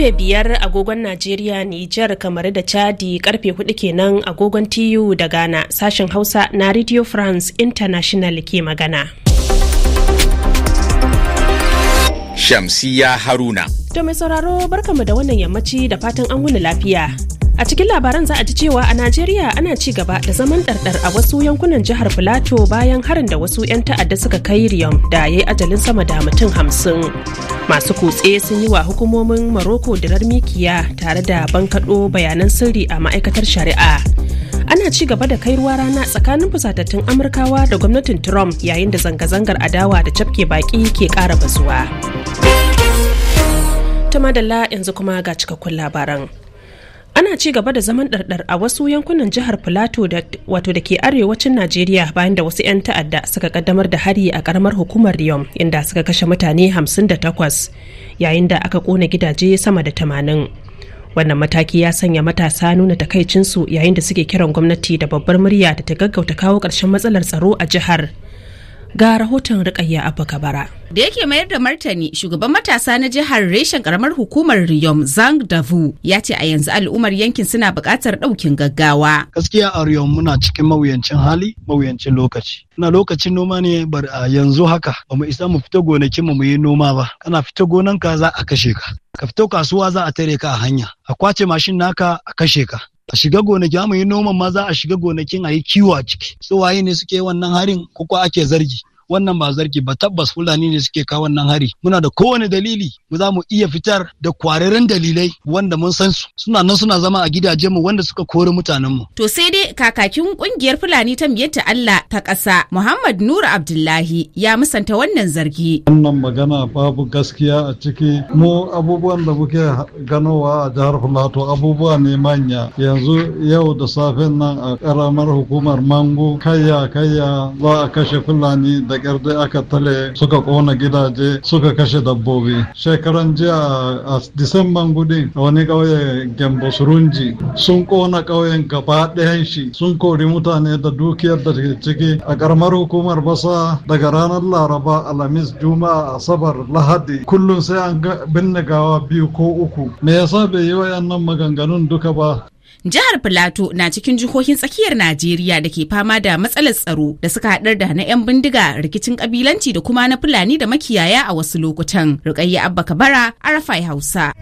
karfe biyar agogon Najeriya, Nijar, kamar da Chadi karfe hudu kenan agogon TU da Ghana sashen Hausa na Radio France International ke magana. Shamsiya Haruna. To mai sauraro barkamu da wannan yammaci da fatan an wuni lafiya. A cikin labaran za a ji cewa a Najeriya ana ci gaba da zaman ɗarɗar a wasu yankunan jihar Filato bayan harin da wasu 'yan ta'adda suka kai Riyam da ya yi ajalin sama da mutum hamsin. Masu kutse sun yi wa hukumomin Maroko da mikiya tare da bankaɗo bayanan sirri a ma'aikatar shari'a. Ana ci gaba da kai ruwa rana tsakanin fusatattun Amurkawa da gwamnatin Trump yayin da zanga-zangar adawa da cafke baki ke ƙara bazuwa. Ta madalla yanzu kuma ga cikakkun labaran. ana ci gaba da zaman ɗarɗar a wasu yankunan jihar Filato wato da ke arewacin Najeriya bayan da wasu 'yan ta'adda suka kaddamar da hari a karamar hukumar Riyom inda suka kashe mutane 58 yayin da aka kona gidaje sama da 80. Wannan mataki ya sanya matasa nuna takaicinsu yayin da suke kiran gwamnati da babbar murya da ta gaggauta kawo ƙarshen matsalar tsaro a jihar. ga rahoton rikayya a bakabara da yake mayar da martani shugaban matasa na jihar reshen karamar hukumar riyom zang davu ya ce a yanzu al'ummar yankin suna buƙatar ɗaukin gaggawa gaskiya a riyom muna cikin mawuyancin hali mawuyancin lokaci na lokacin noma ne bar a yanzu haka ba mu isa mu fita gonakin mu yi noma ba kana fita gonanka za a kashe ka ka fito kasuwa za a tare ka a hanya a kwace mashin naka a kashe ka a shiga gonaki amma yi noman ma za a shiga gonakin a yi kiwo a ciki su waye ne suke wannan harin ko ake zargi wannan ba zargi ba tabbas fulani ne suke kawo wannan hari muna da kowane dalili mu za mu iya fitar da kwararren dalilai wanda mun san su suna nan suna zama a gidajen mu wanda suka kori mutanen mu to sai dai kakakin kungiyar fulani ta miyatta Allah ta ƙasa Muhammad Nura Abdullahi ya musanta wannan zargi wannan magana babu gaskiya a ciki mu abubuwan da muke ganowa a jihar Filato abubuwa ne manya yanzu yau da safen nan a karamar hukumar Mango kayya kayya za a kashe fulani da Yar dai aka tale suka kona gidaje suka kashe dabbobi shekaran jiya a disamban gudi a wani ƙauye gembo surunji sun kona ƙauyen gaba ɗayan shi sun kori mutane da dukiyar da ke ciki a ƙaramar hukumar basa daga ranar laraba alhamis juma'a asabar lahadi kullum sai an binne gawa biyu ko uku me yasa bai yi wayannan maganganun duka ba Jihar Filato na cikin jihohin tsakiyar Najeriya da ke fama da matsalar tsaro da suka haɗar da na 'yan bindiga rikicin kabilanci da kuma na Fulani da makiyaya a wasu lokutan. Rukayya Abba Kabara, arafa Hausa.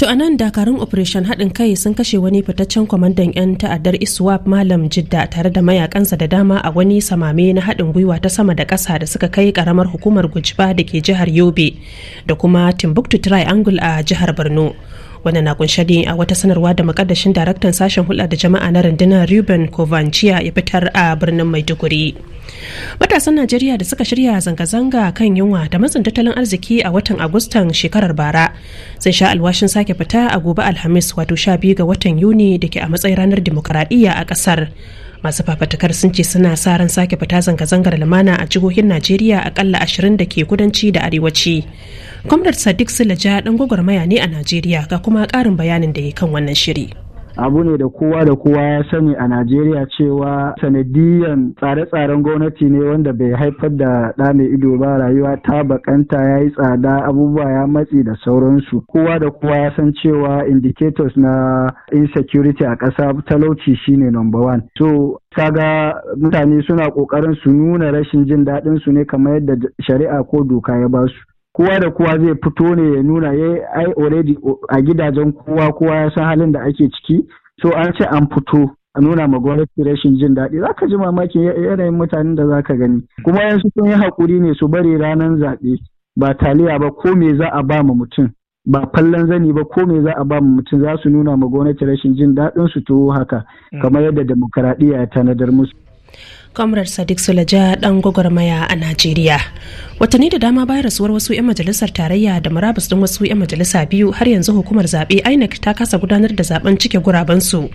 To a nan dakarun Operation haɗin kai sun kashe wani fitaccen kwamandan 'yan ta'addar ISWAP Malam Jidda tare da mayakansa da dama a wani samame na haɗin gwiwa ta sama da ƙasa da suka kai karamar hukumar Gujiba da ke jihar Yobe da kuma Timbuktu Triangle a jihar Borno. wannan na kunshe ne a wata sanarwa da makaddashin daraktan sashen hulɗa da jama'a na Randuna, ruben kovanciya ya fitar a birnin maiduguri matasan najeriya da suka shirya zanga-zanga kan yunwa da matsin tattalin arziki a watan agustan shekarar bara sun sha alwashin sake fita a gobe alhamis wato sha biyu ga watan yuni da ke a matsayin ranar dimokuraɗiyya a ƙasar masu fafatakar sun ce suna sa ran sake fita zanga-zangar lumana a jihohin najeriya akalla ashirin da ke kudanci da arewaci Gwamnar Sadiq Silaja dan gwagwarmaya ne a Najeriya ga kuma ƙarin bayanin da ya kan wannan shiri. abu ne da kowa da kowa ya sani a Najeriya cewa sanadiyan tsare-tsaren gwamnati ne wanda bai haifar da ɗa mai ido ba rayuwa ta bakanta ya yi tsada abubuwa ya matsi da sauransu. Kowa da kowa ya san cewa indicators na insecurity a ƙasa talauci shine number one. So kaga mutane suna ƙoƙarin su nuna rashin jin daɗin su ne kamar yadda shari'a ko doka ya basu. kowa da kowa zai fito ne ya nuna ya ai already a gidajen kowa kowa ya san halin da ake ciki so an ce an fito a nuna ma gwamnati rashin jin daɗi za ka ji mamakin yanayin mutanen da za ka gani kuma yanzu sun yi haƙuri ne su bari ranar zaɓe ba taliya ba ko me za a ba ma mutum ba fallon zani ba ko me za a ba mu mutum za su nuna ma gwamnati rashin jin daɗin su to haka mm. kamar yadda demokaradiyya ya tanadar musu. Kamrar Sadiq Sulaja dan gwagwarmaya a Najeriya. Watanni da dama bayan rasuwar wasu 'yan majalisar tarayya da murabus din wasu 'yan majalisa biyu har yanzu hukumar zaɓe INEC ta kasa gudanar da zaben cike guraben su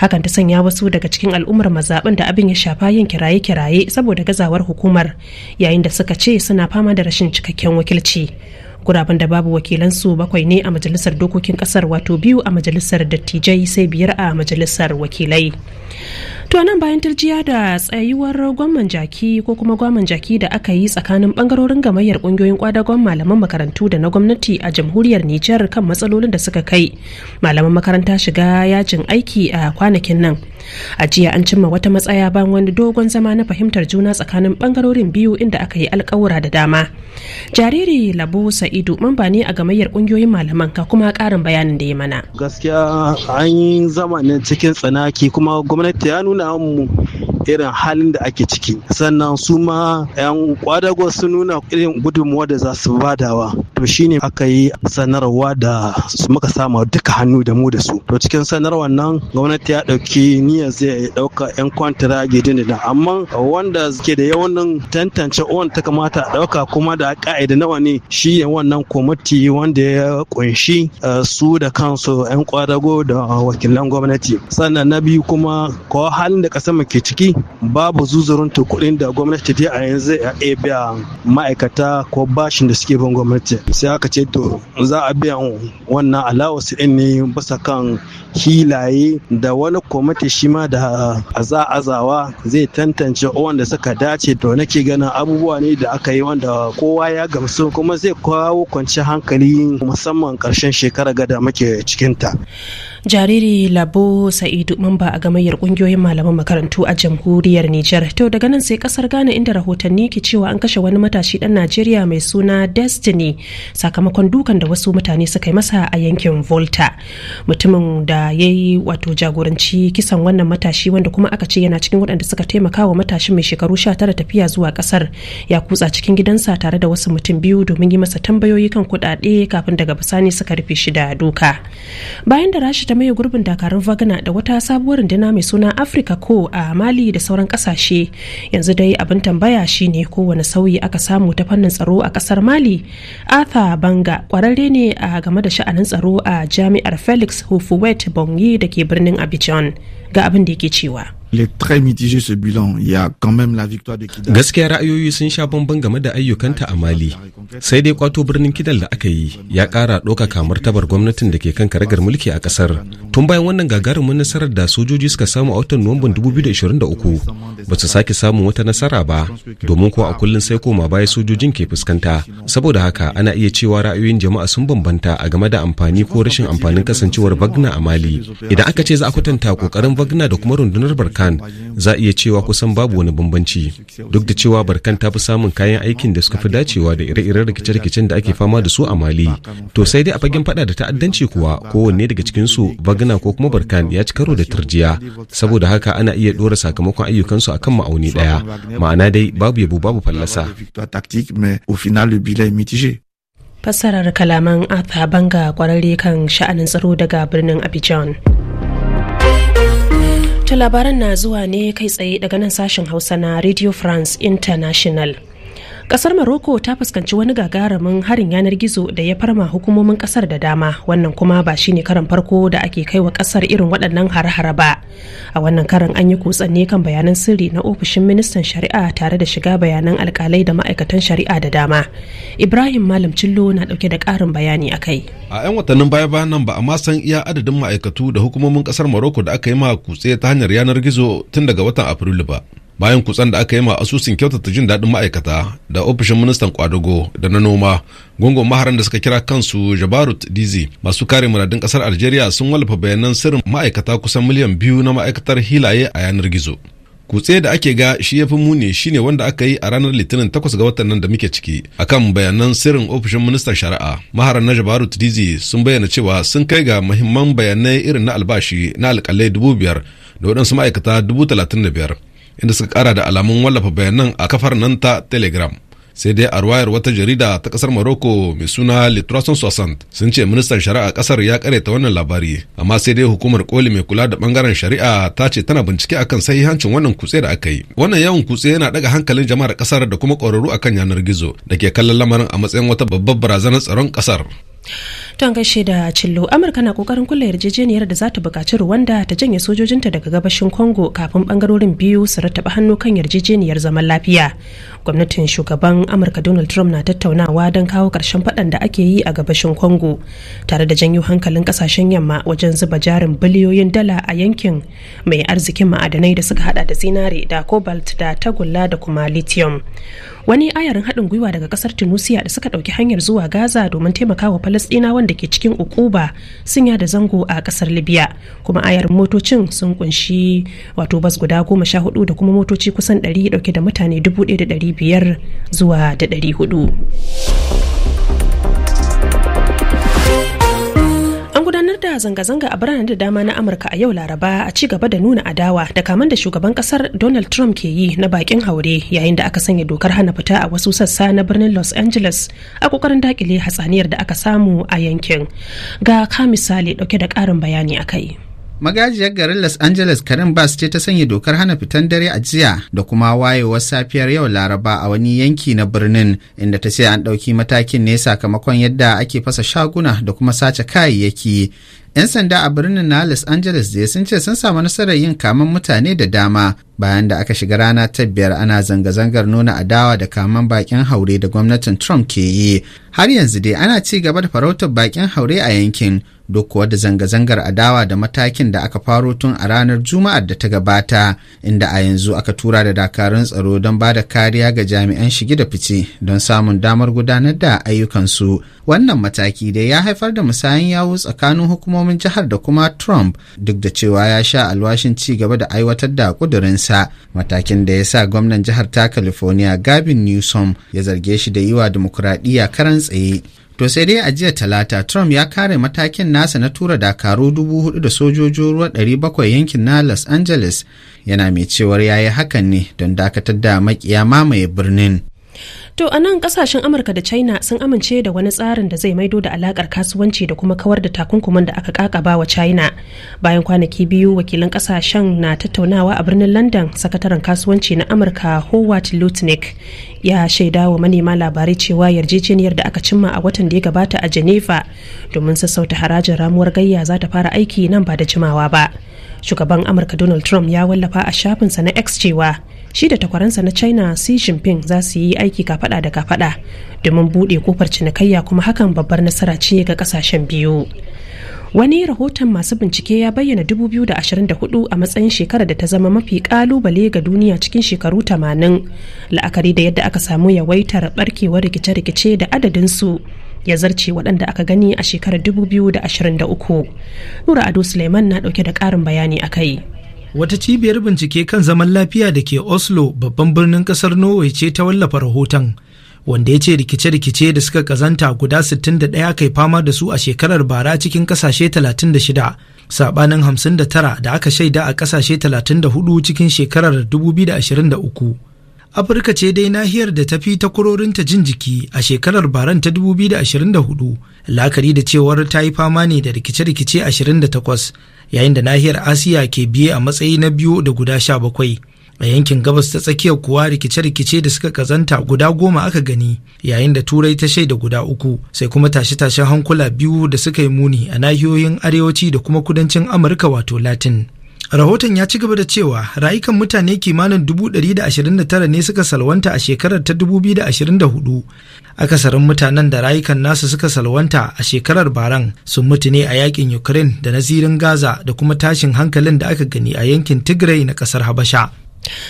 Hakan ta sanya wasu daga cikin al'ummar mazaɓin da abin ya shafa yin kiraye-kiraye saboda gazawar hukumar yayin da suka ce suna fama da rashin cikakken wakilci. guraben da babu wakilansu bakwai ne a majalisar dokokin kasar wato biyu a majalisar dattijai sai biyar a majalisar wakilai To nan bayan turjiya da tsayuwar gwamnan jaki ko kuma gwamnan jaki da aka yi tsakanin bangarorin gamayyar kungiyoyin kwadagon malaman makarantu da na gwamnati a jamhuriyar Nijar kan matsalolin da suka kai malaman makaranta shiga yajin aiki a kwanakin nan. A jiya an cimma wata matsaya ban wani dogon zama na fahimtar juna tsakanin bangarorin biyu inda aka yi alkawura da dama. Jariri Labo Sa'idu mamba ne a gamayyar kungiyoyin malaman ka kuma karin bayanin da ya mana. Gaskiya an yi zama cikin tsanaki kuma gwamnati ya nuna não. irin halin da ake ciki sannan su ma 'yan kwadago sun nuna irin gudunmuwa da za su badawa to shine aka yi sanarwa da muka sama duka hannu da mu da su to cikin sanarwar nan gwamnati ya ɗauki niyyar zai ɗauka 'yan kwantara gidan da amma wanda ke da yawan tantance uwan ta kamata a ɗauka kuma da ka'ida nawa ne shi ne wannan kwamiti wanda ya kunshi eh, su da kansu 'yan kwadago da wakilan gwamnati sannan na biyu kuma ko halin da ƙasar ke ciki Babu babu zuzurunta kuɗin da gwamnati ta a yanzu a iya biya ma'aikata ko bashin da suke bin gwamnati sai aka ce to za a biya wannan alawasu ɗin ne bisa kan hilaye da wani kwamiti shi ma da aza azawa zai tantance wanda suka dace to nake ganin abubuwa ne da aka yi wanda kowa ya gamsu kuma zai kawo kwanci hankali musamman karshen shekara gada muke cikinta. jariri labo sa'idu mamba a gamayyar kungiyoyin malaman makarantu a jamhuriyar nijar to daga nan sai kasar ghana inda rahotanni ke cewa an kashe wani matashi dan najeriya mai suna destiny sakamakon dukan da wasu mutane suka yi masa a yankin volta mutumin da yayi ya yi wato jagoranci kisan wannan matashi wanda kuma aka ce yana cikin waɗanda suka taimaka wa matashi mai shekaru sha tara tafiya zuwa ƙasar ya kutsa cikin gidansa tare da wasu mutum biyu domin yi masa tambayoyi kan kuɗaɗe kafin daga bisani suka rufe shi da doka bayan da rashi ta maye gurbin dakarun vagana da wata sabuwar dina mai suna afirka ko a mali da sauran kasashe yanzu dai abin tambaya shine kowane sauyi aka samu ta fannin tsaro a ƙasar mali arthur banga kwararre ne a game da sha'anin tsaro a jami'ar felix hufuwet bongi da ke birnin abidjan ga abin da yake cewa Il est très mitigé ce bilan. Il y a quand même la victoire de Kidal. Gaskiya ra'ayoyi sun sha bamban game da ayyukanta a Mali. Sai dai kwato birnin Kidal da aka yi ya ƙara kamar martabar gwamnatin da ke kan karagar mulki a kasar Tun bayan wannan gagarumin nasarar da sojoji suka samu a watan Nuwamban 2023 ba su sake samun wata nasara ba domin ko a kullum sai koma baya sojojin ke fuskanta. Saboda haka ana iya cewa ra'ayoyin jama'a sun bambanta a game da amfani ko rashin amfanin kasancewar bagna a Mali. Idan aka ce za a kwatanta kokarin bagna da kuma rundunar Barka Khan za a iya cewa kusan babu wani bambanci duk da cewa barkan ta fi samun kayan aikin da suka fi dacewa da ire-iren rikice-rikicen da ake fama da su a mali to sai dai a fagen fada da ta'addanci kuwa kowanne daga cikin su bagna ko kuma barkan ya ci karo da turjiya saboda haka ana iya dora sakamakon ayyukan su akan ma'auni daya ma'ana dai babu yabo babu fallasa fassarar kalaman arthur banga kwararre kan sha'anin tsaro daga birnin abidjan labaran na zuwa ne kai tsaye daga nan sashen Hausa na Radio France International. kasar Morocco ta fuskanci wani gagarumin harin yanar gizo da ya farma hukumomin kasar da dama wannan kuma ba shine karan farko da ake kai wa kasar irin waɗannan hare-hare ba a wannan karan an yi kutsanne kan bayanan sirri na ofishin ministan shari'a tare da shiga bayanan alkalai da ma'aikatan shari'a da dama Ibrahim Malam Cillo na dauke da ƙarin bayani a kai a 'yan watannin baya bayan nan ba a ma san iya adadin ma'aikatu da hukumomin kasar Morocco da aka yi ma kutse ta hanyar yanar gizo tun daga watan Afrilu ba bayan kutsen da aka yi ma asusun kyautata jin daɗin ma'aikata da ofishin ministan kwadago da na noma gungun maharan da suka kira kansu jabarut dizi masu kare muradun ƙasar algeria sun wallafa bayanan sirrin ma'aikata kusan miliyan biyu na ma'aikatar hilaye a yanar gizo kutse da ake ga shi ya fi muni shine wanda aka yi a ranar litinin 8 ga watan nan da muke ciki akan bayanan sirrin ofishin ministan shari'a maharan na Jabarut tidizi sun bayyana cewa sun kai ga muhimman bayanai irin na albashi na alkalai biyar da waɗansu ma'aikata dubu da biyar inda suka kara da alamun wallafa bayanan a kafar nan ta telegram sai dai a ruwayar wata jarida ta kasar Morocco mai suna litrosan Soissant sun ce ministan shari'a kasar ya ta wannan labari amma sai dai hukumar koli mai kula da bangaren shari'a ta ce tana bincike akan hancin wannan kutse da aka yi wannan yawan kutse yana daga hankalin jama'ar kasar da kuma kwararru akan yanar gizo da ke kallon lamarin a matsayin wata babbar barazanar tsaron kasar. Don gaishe da Cillo, Amurka na kokarin kulle yarjejeniyar da za ta buƙaci ruwanda ta janye sojojinta daga gabashin Congo kafin bangarorin biyu su rattaba hannu kan yarjejeniyar zaman lafiya. Gwamnatin shugaban Amurka Donald Trump na tattaunawa don kawo karshen faɗan da ake yi a gabashin Congo tare da janyo hankalin ƙasashen yamma wajen zuba jarin biliyoyin dala a yankin mai arzikin ma'adanai da suka hada da zinare da cobalt da tagulla da kuma lithium. Wani ayarin haɗin gwiwa daga ƙasar Tunisia da suka ɗauki hanyar zuwa Gaza domin taimakawa Falasɗinawan abubuwan da ke cikin ukuba sun yada zango a kasar libya kuma ayar motocin sun kunshi wato bas guda goma sha hudu da kuma motoci kusan ɗari dauke da mutane dubu ɗaya da ɗari biyar zuwa da ɗari hudu da zanga-zanga a biranen da dama na Amurka a yau Laraba a ci gaba da nuna adawa da kaman da shugaban kasar Donald Trump ke yi na bakin haure yayin da aka sanya dokar hana fita a wasu sassa na birnin Los Angeles a kokarin dakile hatsaniyar da aka samu a yankin. Ga ka misali dauke da karin bayani a kai. magajiyar garin los angeles karin bas ce ta sanya dokar hana fitan dare a jiya da kuma wayewar safiyar yau laraba a wani yanki na birnin inda ta ce an ɗauki matakin ne sakamakon yadda ake fasa shaguna da kuma sace kayayyaki 'yan sanda a birnin na los angeles da sun ce sun samu nasarar yin kaman mutane da dama bayan da aka shiga rana ta biyar ana zanga-zangar nuna adawa da kaman bakin haure da gwamnatin trump ke yi har yanzu dai ana ci gaba da farautar bakin haure a yankin duk kuwa da zanga-zangar adawa da matakin da aka faro tun a ranar juma'ar da ta gabata inda a yanzu aka tura da dakarun tsaro don ba da kariya ga jami'an shige da fice don samun damar gudanar da ayyukansu wannan mataki dai ya haifar da musayan yawu tsakanin hukumomin jihar da kuma trump duk da cewa ya sha alwashin ci gaba da aiwatar da kudurinsa matakin da ya sa gwamnan jihar ta california gavin newsom ya zarge shi da yi wa dimokuraɗiyya karan tsaye To sai dai a jiya talata Trump ya kare matakin nasa na tura dakaru dubu hudu da sojojin ruwa ɗari bakwai yankin na Los Angeles yana mai cewar yayi hakan ne don dakatar da makiya mamaye birnin. To a nan kasashen Amurka da China sun amince da wani tsarin da zai maido da alakar kasuwanci da kuma kawar da takunkuman da aka kakaba wa China. Bayan kwanaki biyu wakilin kasashen na tattaunawa a birnin London sakataren kasuwanci na Amurka Howard Lutnick ya shaida wa manema labarai cewa yarjejeniyar da aka cimma a watan da ya gabata a Geneva domin sassauta harajin ramuwar gayya za ta fara aiki nan ba da jimawa ba. Shugaban Amurka Donald Trump ya wallafa a shafinsa na X cewa shi da takwaransa na china xi jinping za su yi aiki kafada da kafada domin bude kofar cinikayya kuma hakan babbar nasara ce ga kasashen biyu wani rahoton masu bincike ya bayyana 2024 a matsayin shekarar da ta zama mafi kalubale ga duniya cikin shekaru 80 la'akari da yadda aka samu yawaitar barkewar rikice-rikice da adadin su ya zarce waɗanda aka gani a shekarar 2023 nura ado suleiman na ɗauke da ƙarin bayani a kai wata cibiyar bincike kan zaman lafiya da ke oslo babban birnin kasar norway ce ta wallafa rahoton wanda ya ce rikice-rikice da suka kazanta guda 61 kai fama da su a shekarar bara cikin kasashe 36 sabanin 59 da aka shaida a kasashe 34 cikin shekarar 2023 afirka ce dai nahiyar da tafi ta kurorinta jin jiki a shekarar baran ta 2024 lakari da cewar ta yi fama ne da rikice-rikice 28 yayin da nahiyar asiya ke biye a matsayi na biyu da guda sha bakwai a yankin gabas ta tsakiyar kuwa rikice-rikice da suka kazanta guda goma aka gani yayin da turai ta shaida guda uku sai kuma tashe-tashen hankula biyu da suka yi muni a nahiyoyin arewaci da kuma kudancin amurka wato latin Rahoton ya ci gaba da cewa rayukan mutane kimanin 129 ne suka salwanta a shekarar ta 2024. Akasarin mutanen da rayukan nasu suka salwanta a shekarar baran sun mutu ne a yakin Ukraine da na Gaza da kuma tashin hankalin da aka gani a yankin Tigray na kasar Habasha.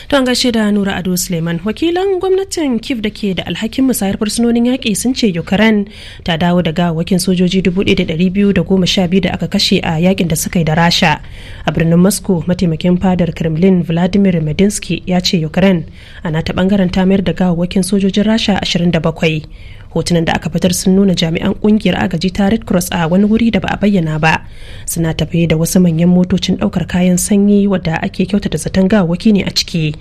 don gashe da nura ado suleiman wakilan gwamnatin kif da ke da alhakin musayar fursunonin yaƙi sun ce ukraine ta dawo da gawakin sojoji 1212 da aka kashe a yakin da suka yi da rasha a birnin moscow mataimakin fadar kremlin vladimir medinsky ya ce ukraine ana ta bangaren ta mayar da gawakin sojojin rasha 27 hotunan da aka fitar sun nuna jami'an kungiyar agaji ta red cross a wani wuri da ba a bayyana ba suna tafiye da wasu manyan motocin daukar kayan sanyi wadda ake kyautata zaton gawawwaki ne a ciki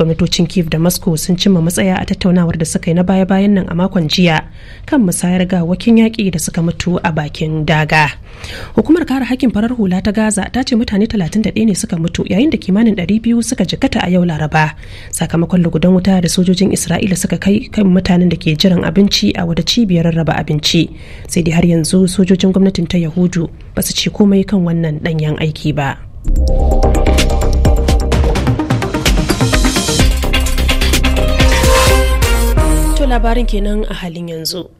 gwamnatocin kiev da moscow sun cimma matsaya a tattaunawar da suka yi na baya-bayan nan a makon jiya kan musayar gawakin yaƙi da suka mutu a bakin daga hukumar kare hakkin farar hula ta gaza ta ce mutane 31 ne suka mutu yayin da kimanin 200 suka jikata a yau laraba sakamakon lugudan wuta da sojojin isra'ila suka kai kan mutanen da ke jiran abinci a wata cibiyar rarraba abinci sai dai har yanzu sojojin gwamnatin ta yahudu ba su ce komai kan wannan danyen aiki ba. To labarin kenan a halin yanzu.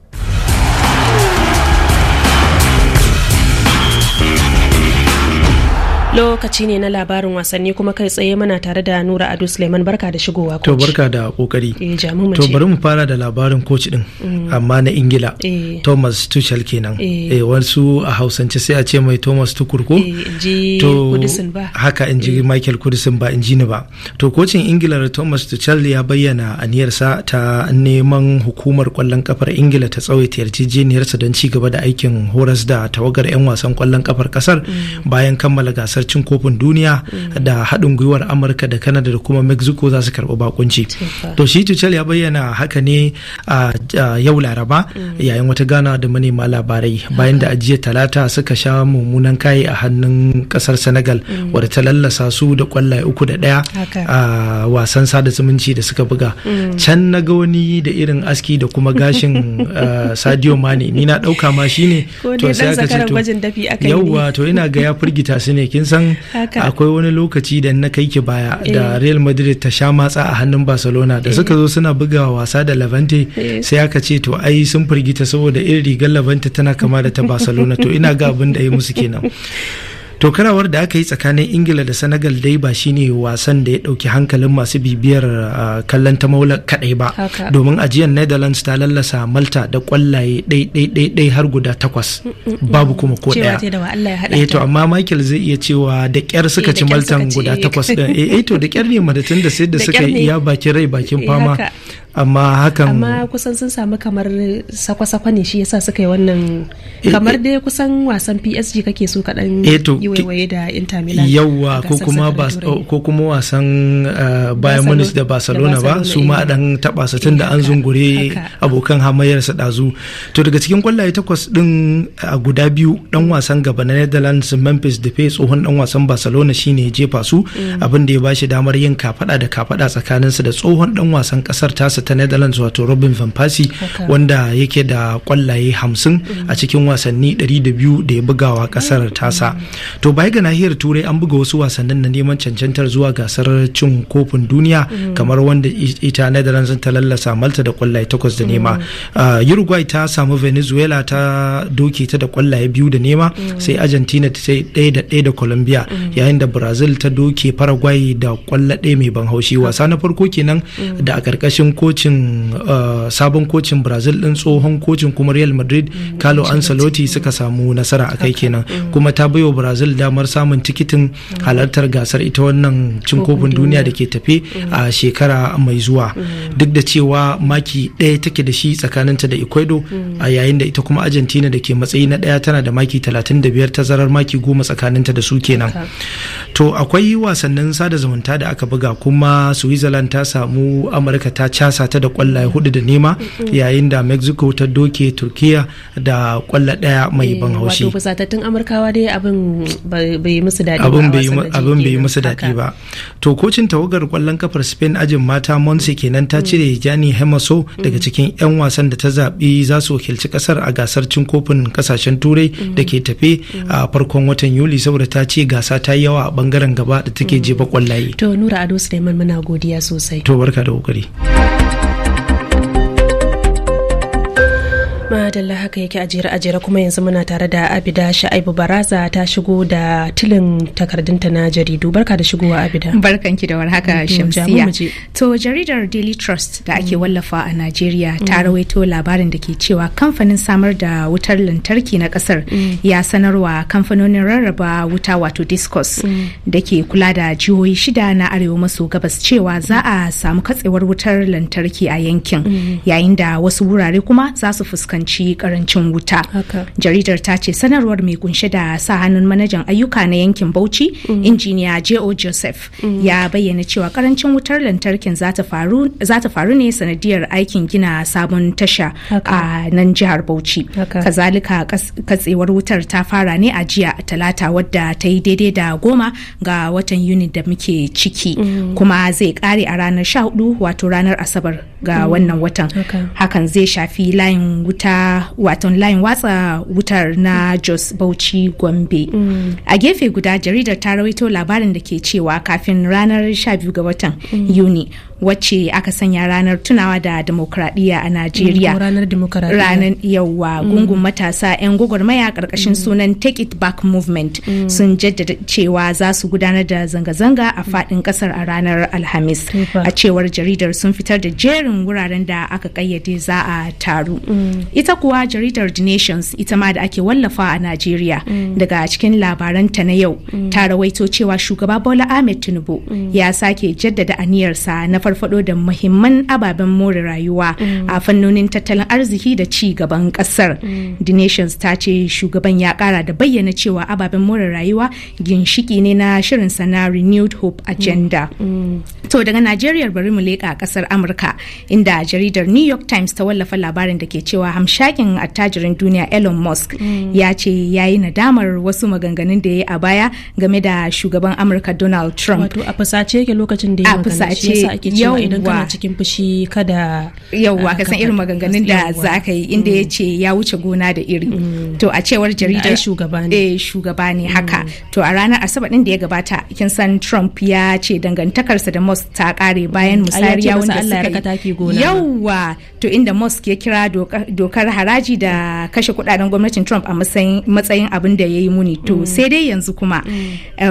Thank you. lokaci ne na labarin wasanni kuma kai tsaye muna tare da nura ado suleiman barka da shigowa to barka da kokari eh, to bari mu fara da labarin coach din mm. amma na ingila eh. thomas tuchel kenan eh. eh wasu a hausance sai a ce mai thomas tukurko to haka inji michael kudisin ba inji ni ba to kocin ingila thomas tuchel ya bayyana aniyarsa ta neman hukumar kwallon kafar ingila ta tsawaita yarjejeniyarsa don ci gaba da aikin horas da tawagar 'yan wasan kwallon kafar kasar mm. bayan kammala gasar cin kofin duniya da haɗin gwiwar amurka da kanada da kuma mexico za su karɓi bakunci to shi tuchel ya bayyana haka ne a yau laraba mm. yayin wata gana da manema labarai bayan da ajiye talata suka sha mummunan kayi a hannun kasar senegal mm. wadda ta lallasa su da kwallaye uku da ɗaya a wasan sada zumunci da suka buga mm. can na ga wani da irin aski da kuma gashin eh, sadio mane ni na ɗauka ma shine to sai aka ce to yauwa to ina ga ya firgita su ne kin san akwai wani lokaci da na kai ki baya eh. da Real Madrid ta sha matsa a hannun Barcelona da eh. suka zo suna buga wasa da Levante eh. sai aka ce to ai sun firgita saboda irin rigar Levante tana kama da ta Barcelona to ina ga abin da ya musu kenan to da aka yi tsakanin ingila da senegal dai ba shine wasan da ya dauki hankalin masu bibiyar ah, kallon ta maula kadai ba domin ajiyar netherlands ta lallasa malta da kwallaye ɗai har guda takwas mm, mm, mm, babu kuma ko ɗaya eh to amma michael zai iya cewa da kyar eh, suka ci maltan guda takwas din eh, eh to da kyar ne madatun da sai da suka iya bakin rai bakin eh, fama amma hakan amma kusan sun samu kamar sakwa-sakwa ne shi yasa suka yi wannan eh, kamar eh. dai kusan wasan PSG kake so kaɗan yi eh, da Inter Milan yawa ko kuma wasan Bayern Munich da Barcelona ba su ma dan taɓa su tun da an zungure abokan hamayyar su dazu to daga cikin kwallaye takwas ɗin a guda biyu ɗan wasan gaba na Netherlands Memphis da Depay tsohon ɗan wasan Barcelona shine jefa su mm. abin da ya bashi damar yin kafaɗa da tsakanin tsakaninsu da tsohon ɗan wasan kasar tasa ta netherlands wato robin van persie wanda yake da kwallaye hamsin a mm. cikin wasanni 200 da ya bugawa kasar mm. tasa to bai ga nahiyar turai an buga wasu wasannin na neman cancantar zuwa gasar cin kofin duniya mm. kamar wanda ita netherlands ta lallasa malta da kwallaye 8 da nema ah, uruguay ta samu venezuela ta doke ta da kwallaye biyu da nema sai argentina ta ɗaya da 1 da colombia yayin da brazil ta doke paraguay da kwallaye ɗaya mai ban haushi wasa na farko kenan da a karkashin ko kocin uh, sabon kocin brazil din tsohon kocin kuma real madrid mm, carlo ancelotti suka samu nasara a kai kenan mm. kuma ta baiwa brazil damar samun tikitin mm. halartar gasar ita wannan cin kofin duniya da ke tafe a shekara mai zuwa duk da cewa maki ɗaya take da shi tsakaninta da ecuador a yayin da ita kuma argentina da ke matsayi na ɗaya tana da maki 35 zarar maki goma tsakaninta da su kenan to akwai wasannin sada zumunta da aka buga kuma switzerland ta samu amurka ta casa dosa ta da kwallaye hudu da nema yayin da mexico ta doke turkiya da kwalla daya mai ban eh, haushi wato amurkawa dai abin bai musu daɗi ba abin bai musu daɗi ba to kocin tawagar kwallon kafar spain ajin mata monse kenan ta cire jani mm. hemaso mm. daga cikin 'yan wasan da ta zaɓi za su wakilci ƙasar a gasar cin kofin kasashen turai mm. da ke tafe a farkon watan yuli saboda ta ce gasa ta yi yawa a bangaren gaba da take jefa kwallaye to nura ado suleiman muna godiya sosai to barka da kokari madalla haka yake ajiyar ajiyar kuma yanzu muna tare da abida sha'ibu baraza ta shigo da tilin takardunta na jaridu barka da shigowa abida barkanki da warhaka shamsiya to jaridar daily trust da ake mm. wallafa a najeriya mm. ta rawaito labarin da ke cewa kamfanin samar da wutar lantarki na kasar mm. ya sanarwa kamfanonin rarraba wuta wato discos da ke kula da jihohi shida na arewa maso gabas cewa za a samu katsewar wutar lantarki a yankin yayin da wasu wurare kuma za su fuskanci magance karancin wuta jaridar ta ce sanarwar mai kunshe da sa hannun manajan ayyuka na yankin bauchi mm. injiniya jo joseph mm. ya bayyana cewa karancin wutar lantarkin za ta faru ne sanadiyar aikin gina sabon tasha a nan jihar bauchi kazalika katsewar wutar ta fara ne a jiya talata wadda ta yi daidai da goma ga watan yuni da muke ciki mm. kuma zai kare a ranar 14 wato ranar asabar ga wannan watan hakan zai shafi layin wuta ta waton line watsa wutar na jos bauchi gombe mm. a gefe guda jaridar ta rawaito labarin da ke cewa kafin ranar 12 ga watan mm. yuni wacce aka sanya ranar tunawa da demokradiyya a Najeriya. Ranar demokradiyya. Ranar yawa mm. gungun matasa 'yan gwagwarmaya karkashin mm. sunan Take It Back Movement mm. sun jaddada cewa za su gudanar da zanga-zanga a faɗin ƙasar a ranar Alhamis. A cewar jaridar sun fitar da jerin wuraren da aka kayyade za a taru. Ita kuwa jaridar The Nations ita ma da ake wallafa a Najeriya daga cikin labaranta na yau ta rawaito cewa shugaba Bola Ahmed Tinubu ya sake jaddada aniyarsa na farko farfado da muhimman ababen more rayuwa mm. a fannonin tattalin arziki da ci gaban kasar mm. the nations ta ce shugaban ya kara da bayyana cewa ababen more rayuwa ginshiki ne na shirin sana renewed hope agenda mm. to daga najeriya bari mu leƙa kasar amurka inda jaridar new york times ta wallafa labarin da ke cewa hamshakin attajirin duniya elon musk ya ce ya yi nadamar wasu maganganun da ya yi a baya game da shugaban amurka donald trump a fusace ke lokacin da ya yau idan kana cikin fushi kada yawwa ah, ka san irin maganganun da za ka yi inda ya ce ya wuce gona da iri mm. to a cewar jarida shugaba ne eh, shugaba ne haka mm. to a ranar asabar din da ya gabata kin san Trump ya ce dangantakarsa da Musk ta kare bayan mm. ya wanda suka gona yawwa to inda Musk ya kira dokar haraji da kashe kudaden gwamnatin Trump a matsayin abin da ya yi muni to sai dai yanzu kuma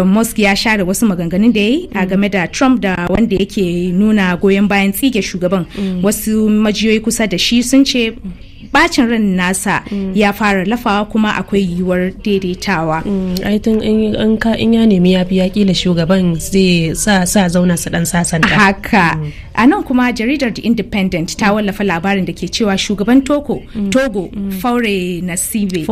Musk eh, ya share wasu maganganun da ya a game da Trump da wanda yake nuna nuna goyon bayan tsige shugaban mm. wasu majiyoyi kusa da shi sun ce bacin ran nasa mm. ya fara lafawa kuma akwai yiwuwar daidaitawa mm. ai in ya nemi ya biya kila shugaban zai sa sa zauna su dan sasanta haka mm. a nan kuma jaridar the independent ta wallafa labarin da ke cewa shugaban togo togo faure nasibe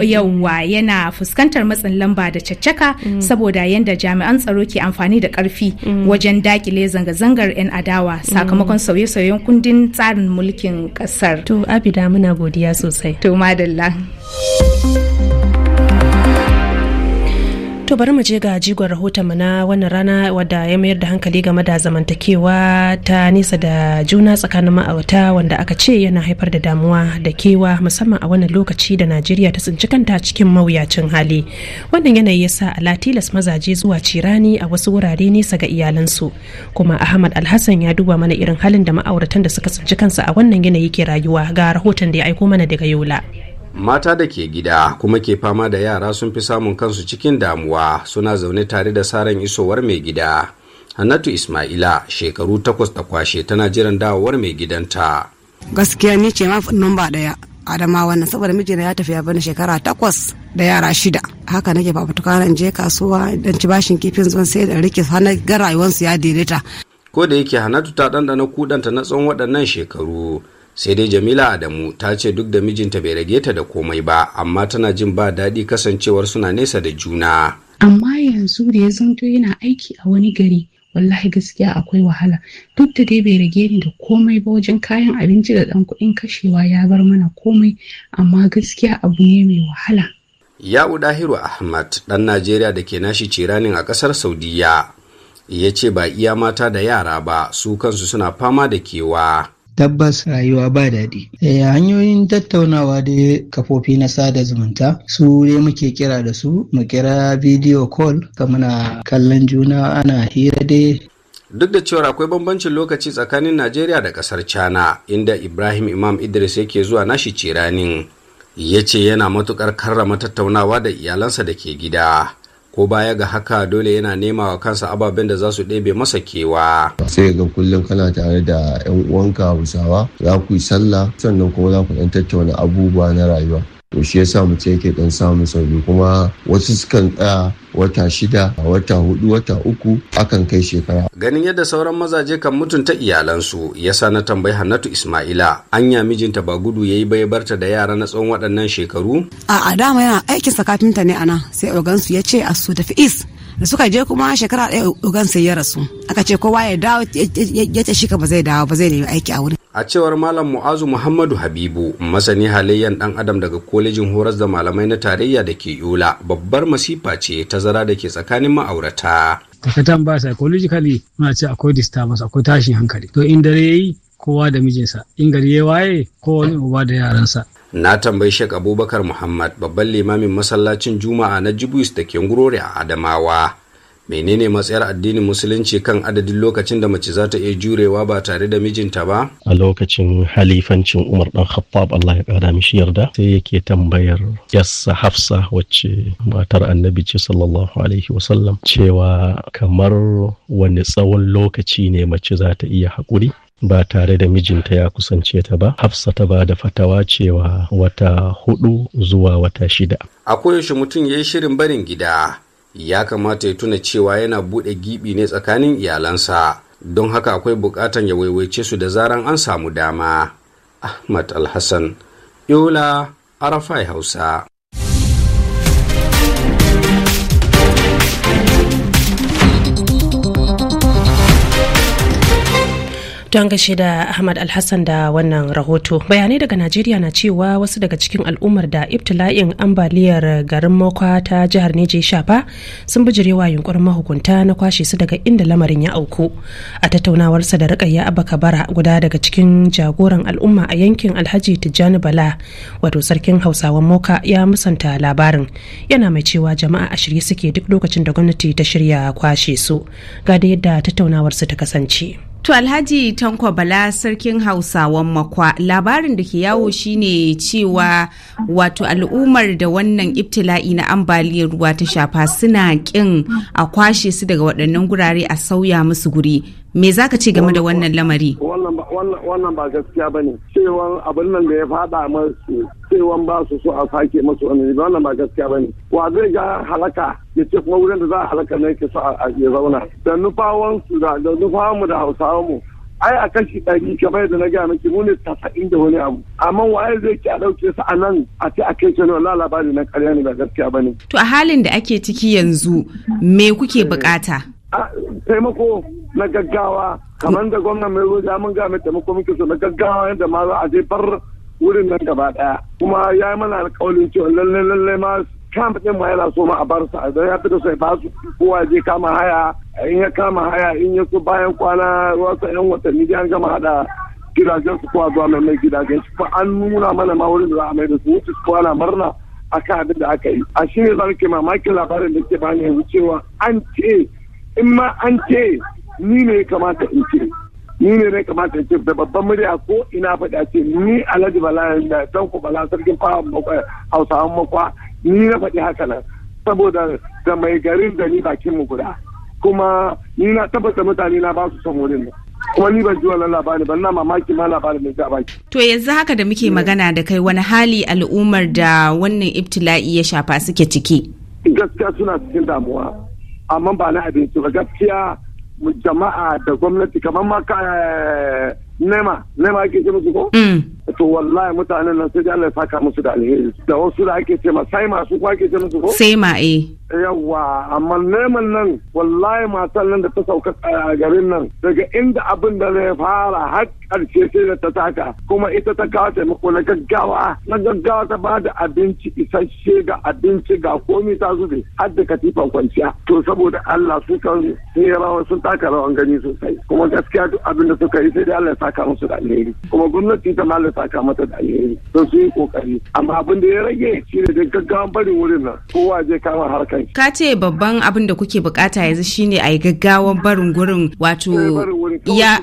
yauwa yana fuskantar matsin lamba da caccaka saboda yadda jami'an tsaro ke amfani da karfi wajen dakile zanga-zangar 'yan adawa sakamakon sauye-sauyen kundin tsarin mulkin kasar to abida muna godiya sosai to madalla To bari mu je ga jigon rahoton mu na wannan rana wadda ya mayar da hankali game da zamantakewa ta nesa da juna tsakanin ma'aurata wanda aka ce yana haifar da damuwa da kewa musamman a wannan lokaci da Najeriya ta tsinci kanta cikin mawuyacin hali. Wannan yanayi ya sa tilas mazaje zuwa cirani a wasu wurare nesa ga iyalansu. Kuma Ahmad Alhassan ya duba mana irin halin da ma'auratan da suka tsinci kansu a wannan yanayi ke rayuwa ga rahoton da ya aiko mana daga Yola. mata da ke gida kuma ke fama da yara sun fi samun kansu cikin damuwa suna zaune tare da saran isowar mai gida hannatu ismaila shekaru takwas da kwashe tana jiran dawowar mai gidanta gaskiya ni ce ma numba daya adama wannan saboda mijina ya tafi ya bani shekara takwas da yara shida haka nake fafutuka in je kasuwa dan ci bashin kifin zuwan sai da rike hana ga rayuwarsu ya daidaita ko da yake hannatu ta dandana kudanta na tsawon waɗannan shekaru sai dai jamila adamu ta ce duk da mijinta bai rage ta da komai ba amma tana jin ba daɗi kasancewar suna nesa da juna amma yanzu da ya zanto yana aiki a wani gari wallahi gaskiya akwai wahala duk da dai bai rage ni da komai ba wajen kayan abinci da ɗan kuɗin kashewa ya bar mana komai amma gaskiya abu ne mai wahala ya'u dahiru ahmad ɗan najeriya da ke nashi ciranin a ƙasar saudiya ya ce ba iya mata da yara ba su kansu suna fama da kewa tabbas rayuwa ba daɗi. E, hanyoyin tattaunawa da kafofi na sada zumunta su ne muke kira da su mu kira bidiyo kol. ka muna kallon juna ana hira dai duk da cewa akwai bambancin lokaci tsakanin najeriya da ƙasar china inda ibrahim imam idris yake zuwa nashi ciranin ya ce yana matukar karrama tattaunawa da iyalansa da ke gida ko baya ga haka dole yana nema wa kansa ababen da za su ɗebe masa kewa. sai ga kullum kana tare da 'yan uwanka hausawa za ku yi sallah sannan kuma za ku ɗan tattauna abubuwa na rayuwa to shi yasa ce yake dan samun sauki kuma wasu sukan tsaya wata shida wata hudu wata uku akan kai shekara ganin yadda sauran mazaje kan mutunta iyalansu yasa na tambayi hannatu ismaila anya mijinta ba gudu ya yayi bai barta da yara na tsawon waɗannan shekaru a a dama yana aikin sa kafinta ne ana sai ogansu ya ce a su tafi is da suka je kuma shekara ɗaya ogan ya rasu aka ce kowa ya dawo ya ce shi ka ba zai dawo ba zai nemi aiki a wurin a cewar malam mu'azu muhammadu habibu masani halayyan dan adam daga kolejin horas da malamai na tarayya da ke yola babbar masifa ce tazara da ke tsakanin ma'aurata takatan ba psychologically muna ce akwai disturbance akwai tashin hankali to in dare yi, kowa da mijinsa in gari ya waye kowa uba da yaransa na tambayi shek abubakar muhammad babban limamin masallacin juma'a na jibus da ke ngurore a adamawa menene matsayar addinin musulunci kan adadin lokacin da mace za ta iya jurewa ba tare da mijinta ba a lokacin halifancin umar dan khattab Allah ya kara mishi yarda sai yake tambayar yassa hafsa wacce matar annabi ce sallallahu alaihi wasallam cewa kamar wani tsawon lokaci ne mace za ta iya hakuri? ba tare da mijinta ya kusance ta ba hafsa ta ba da fatawa cewa wata hudu zuwa wata shida a koyaushe mutum ya yi shirin barin gida ya kamata ya tuna cewa yana buɗe giɓi ne tsakanin iyalansa don haka akwai buƙatan ya waiwaice su da zaran an samu dama ahmad alhassan yola arafai hausa Don gashi da Ahmad Alhassan da wannan rahoto. Bayanai daga Najeriya na cewa wasu daga cikin al'ummar da ibtila'in ambaliyar garin Mokwa ta jihar Neje Shafa sun bijirewa yunkurin mahukunta na kwashe su daga inda lamarin ya auku. A tattaunawarsa da ya Abaka Bara guda daga cikin jagoran al'umma a yankin Alhaji Tijjani Bala wato sarkin Hausawan Moka ya musanta labarin. Yana mai cewa jama'a a shirye suke duk lokacin da gwamnati ta shirya kwashe su. Ga da yadda tattaunawarsu ta kasance. To Alhaji Tanko Bala sarkin Hausawan makwa labarin da ke yawo shine cewa wato al'ummar da wannan ibtila'i na ambaliyar ruwa ta shafa suna kin a kwashe su daga waɗannan gurare a sauya musu guri. Me za ka ce game da wannan lamari? Wannan ba gaskiya ba ne. Cewan abin nan da ya fada masu cewan ba su so a sake masu wannan ba gaskiya ba ne. Wa zai ga halaka ya ce kuma wurin da za a halaka na yake a ya zauna da nufawan su da nufawan mu da hausawan mu ai a kashi ɗari kamar yadda na gaya miki mu ne tasa'in da wani abu amma waye zai ki a ɗauke su a nan a ce a kai shi wala labari na karya ne ba gaskiya ba ne. to a halin da ake ciki yanzu me kuke bukata. taimako na gaggawa kamar da gwamnan mai roja mun ga mai taimako muke so na gaggawa yadda ma za a je bar wurin nan gaba ɗaya kuma ya yi mana alƙawarin cewa lallai lallai ma kama din ma yana so ma a bar sa don ya fita sai su kowa je kama haya in ya kama haya in ya so bayan kwana sa yan watanni da an gama hada gidajen su kowa zuwa mai mai gidajen su an nuna mana ma wurin da za a mai da su wuce su kwana na a kan abin da aka yi a shi ne za ke mamakin labarin da ke bani yanzu cewa an ce in ma an ce ni ne ya kamata in ce ni ne ne kamata in ce da babban murya ko ina faɗa ce ni alhaji bala da tanko bala sarkin fahimtar hausawan makwa ni na faɗi haka nan saboda da mai garin da ni bakin mu guda kuma ni na tabbata mutane na ba su son wurin nan kuma ni ban ji wannan labarin ban na mamaki ma labarin mai baki. To yanzu haka da muke magana da kai wani hali al'ummar da wannan ibtila'i ya shafa suke ciki. Gaskiya suna cikin damuwa amma ba na abinci ba gaskiya jama'a da gwamnati kamar ma eh, nema nema ake ce musu ko mm. to wallahi mutanen nan sai Allah ya saka musu da alheri da wasu da ake ce ma sai masu ko ake ce musu ko sai ma eh yawa amma neman nan wallahi matan nan da ta sauka a garin nan daga inda abin da zai fara har karshe sai da ta taka kuma ita ta kawo taimako na gaggawa na gaggawa ta ba da abinci isasshe ga abinci ga komi ta zube har da katifan kwanciya to saboda Allah su kan sun rawa sun taka rawan gani sosai kuma gaskiya duk abin da suka yi sai da Allah ya saka musu da alheri kuma gwamnati ta mallaka saka mata da alheri don su yi kokari amma abin da ya rage shine da gaggawan barin wurin nan kowa zai kama harkan ka ce babban abin da kuke bukata yanzu shine a yi gaggawan barin gurin wato eh, ya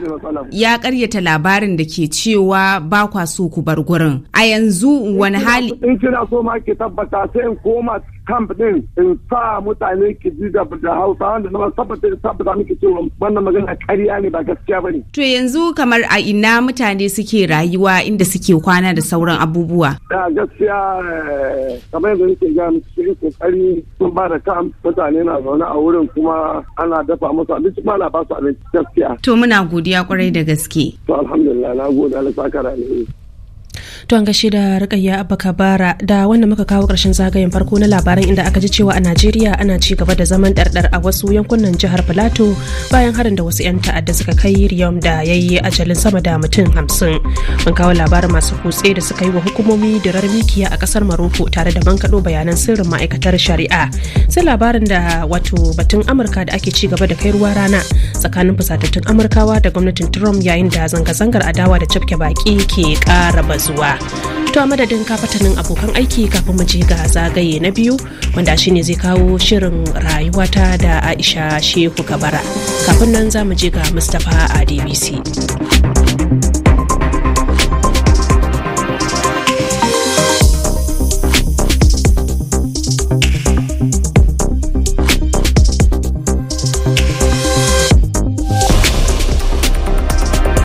ya karyata labarin da ke cewa ba kwa so ku bar gurin a yanzu wani hali in kina so ma ki tabbata sai in koma camp din in sa mutane ki ji da hausa wanda na tabbata tabbata miki cewa wannan magana ƙarya ne ba gaskiya bane to yanzu kamar a ina mutane suke rayuwa inda suke kwana da sauran abubuwa da ah, gaskiya eh, kamar yanzu nake ga cikin kokari sun ba da camp mutane na zaune a wurin kuma ana dafa musu abinci kuma ana ba su abinci gaskiya to muna godiya kwarai da gaske to alhamdulillah na gode Allah saka To an gashi da rikayya abba bara da wanda muka kawo karshen zagayen farko na labaran inda aka ji cewa a Najeriya ana ci gaba da zaman ɗarɗar a wasu yankunan jihar Filato bayan harin da wasu 'yan ta'adda suka kai Riyom da ya yi ajalin sama da mutum hamsin. Mun kawo labarin masu kutse da suka yi wa hukumomi dirar mikiya a kasar Maroko tare da bankaɗo bayanan sirrin ma'aikatar shari'a. Sai labarin da wato batun Amurka da ake ci gaba da kai ruwa rana tsakanin fusatattun Amurkawa da gwamnatin Trump yayin da zanga-zangar adawa da cafke baki ke ƙara bazuwa. gaba to a madadin kafatanin abokan aiki kafin mu je ga zagaye na biyu wanda shine zai kawo shirin rayuwata da aisha shehu kabara kafin nan za mu je ga mustapha a dbc